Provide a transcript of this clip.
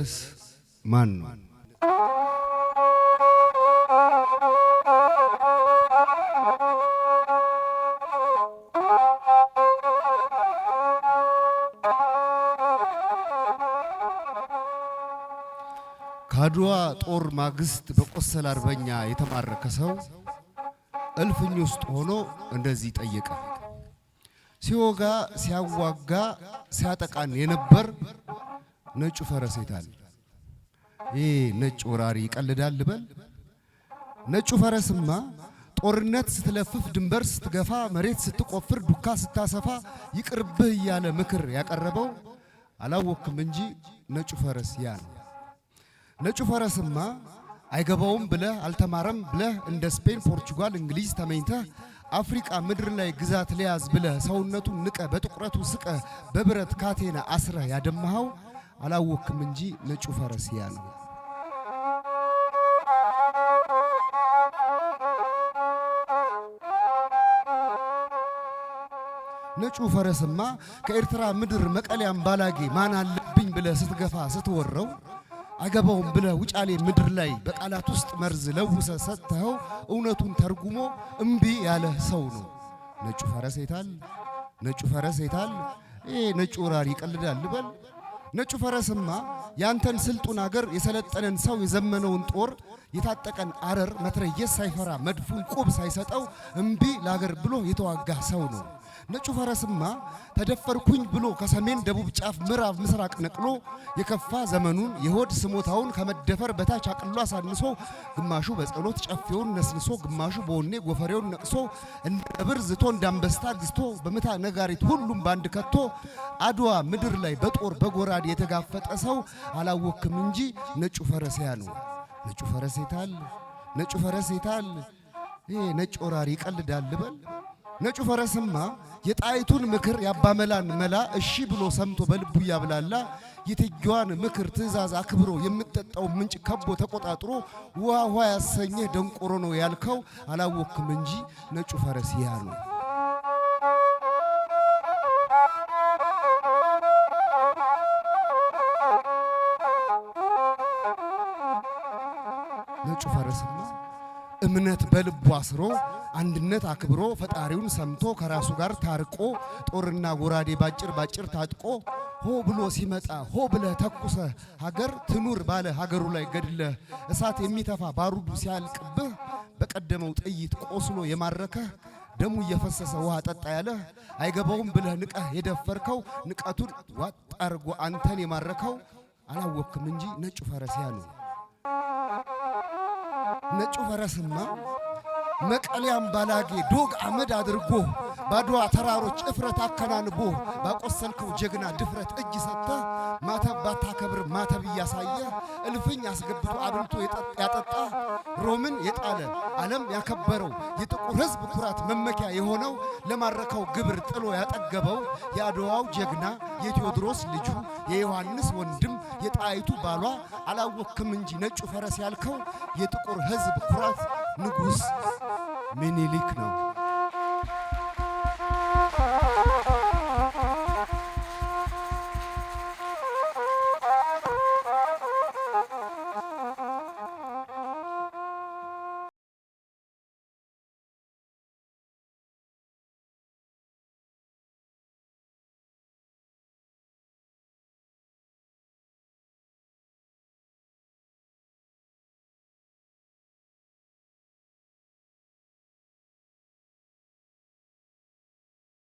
ድረስ ማን ነው? ከአድዋ ጦር ማግስት በቆሰለ አርበኛ የተማረከ ሰው እልፍኝ ውስጥ ሆኖ እንደዚህ ጠየቀ። ሲወጋ ሲያዋጋ ሲያጠቃን የነበር ነጩ ፈረስ ይሄዳል። ይሄ ነጭ ወራሪ ይቀልዳል ልበል? ነጩ ፈረስማ ጦርነት ስትለፍፍ ድንበር ስትገፋ መሬት ስትቆፍር ዱካ ስታሰፋ ይቅርብህ እያለ ምክር ያቀረበው አላወክም እንጂ ነጩ ፈረስ ያ ነው። ነጩ ፈረስማ አይገባውም ብለህ አልተማረም ብለህ እንደ ስፔን፣ ፖርቹጋል፣ እንግሊዝ ተመኝተህ አፍሪቃ ምድር ላይ ግዛት ሊያዝ ብለህ ሰውነቱን ንቀ በጥቁረቱ ስቀ በብረት ካቴና አስረህ ያደማኸው አላወክም እንጂ ነጩ ፈረስ ያ ነጩ ፈረስማ ከኤርትራ ምድር መቀሌያም ባላጌ ማን አለብኝ ብለ ስትገፋ ስትወረው አገባውም ብለ ውጫሌ ምድር ላይ በቃላት ውስጥ መርዝ ለውሰ ሰጥተኸው እውነቱን ተርጉሞ እምቢ ያለ ሰው ነው። ነጩ ፈረስ የታል? ነጩ ፈረስ የታል? ይሄ ነጩ ወራሪ ይቀልዳል ልበል ነጩ ፈረስማ ያንተን ስልጡን አገር የሰለጠነን ሰው የዘመነውን ጦር የታጠቀን አረር መትረየስ ሳይፈራ መድፉን ቁብ ሳይሰጠው እምቢ ላገር ብሎ የተዋጋ ሰው ነው። ነጩ ፈረስማ ተደፈርኩኝ ብሎ ከሰሜን ደቡብ ጫፍ ምዕራብ ምስራቅ ነቅሎ የከፋ ዘመኑን የሆድ ስሞታውን ከመደፈር በታች አቅሎ አሳንሶ ግማሹ በጸሎት ጨፌውን ነስንሶ ግማሹ በወኔ ጎፈሬውን ነቅሶ እንደ ብር ዝቶ እንዳንበስታ ግዝቶ በምታ ነጋሪት ሁሉም ባንድ ከቶ አድዋ ምድር ላይ በጦር በጎራድ የተጋፈጠ ሰው አላወክም እንጂ ነጩ ፈረሴያ ነው። ነጩ ፈረሴታል ነጩ ፈረሴታል ይሄ ነጭ ወራሪ ይቀልዳል ልበል ነጩ ፈረስማ የጣይቱን ምክር ያባመላን መላ እሺ ብሎ ሰምቶ በልቡ ያብላላ የትጊዋን ምክር ትእዛዝ አክብሮ የምጠጣው ምንጭ ከቦ ተቆጣጥሮ ውሃ ውሃ ያሰኘህ ደንቆሮ ነው ያልከው አላወክም እንጂ ነጩ ፈረስ ያ ነው። ነጩ ፈረስማ እምነት በልቡ አስሮ አንድነት አክብሮ ፈጣሪውን ሰምቶ ከራሱ ጋር ታርቆ ጦርና ጎራዴ ባጭር ባጭር ታጥቆ ሆ ብሎ ሲመጣ ሆ ብለ ተኩሰ ሀገር ትኑር ባለ ሀገሩ ላይ ገድለ እሳት የሚተፋ ባሩዱ ሲያልቅብህ በቀደመው ጥይት ቆስሎ የማረከ ደሙ እየፈሰሰ ውሃ ጠጣ ያለ አይገባውም ብለህ ንቀህ የደፈርከው ንቀቱን ዋጥ አርጎ አንተን የማረከው አላወክም እንጂ ነጩ ፈረሲያ ነው። ነጩ ፈረስማ መቀለያም ባላጌ ዶግ አመድ አድርጎ ባድዋ ተራሮች እፍረት አከናንቦ ባቆሰልከው ጀግና ድፍረት እጅ ሰጥተ ማተብ ባታከብር ማተብ እያሳየ እልፍኝ አስገብቶ አብልቶ ያጠጣ ሮምን የጣለ ዓለም ያከበረው የጥቁር ሕዝብ ኩራት መመኪያ የሆነው ለማረከው ግብር ጥሎ ያጠገበው የአድዋው ጀግና የቴዎድሮስ ልጁ የዮሐንስ ወንድም የጣይቱ ባሏ አላወክም እንጂ ነጩ ፈረስ ያልከው የጥቁር ሕዝብ ኩራት ንጉሥ ምኒልክ ነው።